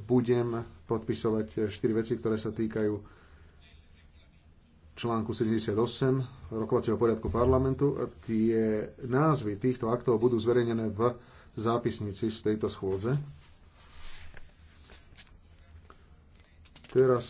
budem podpisovať eh, štyri veci, ktoré sa týkajú článku 78 rokovacieho poriadku parlamentu. Tie názvy týchto aktov budú zverejnené v zápisnici z tejto schôdze. Teraz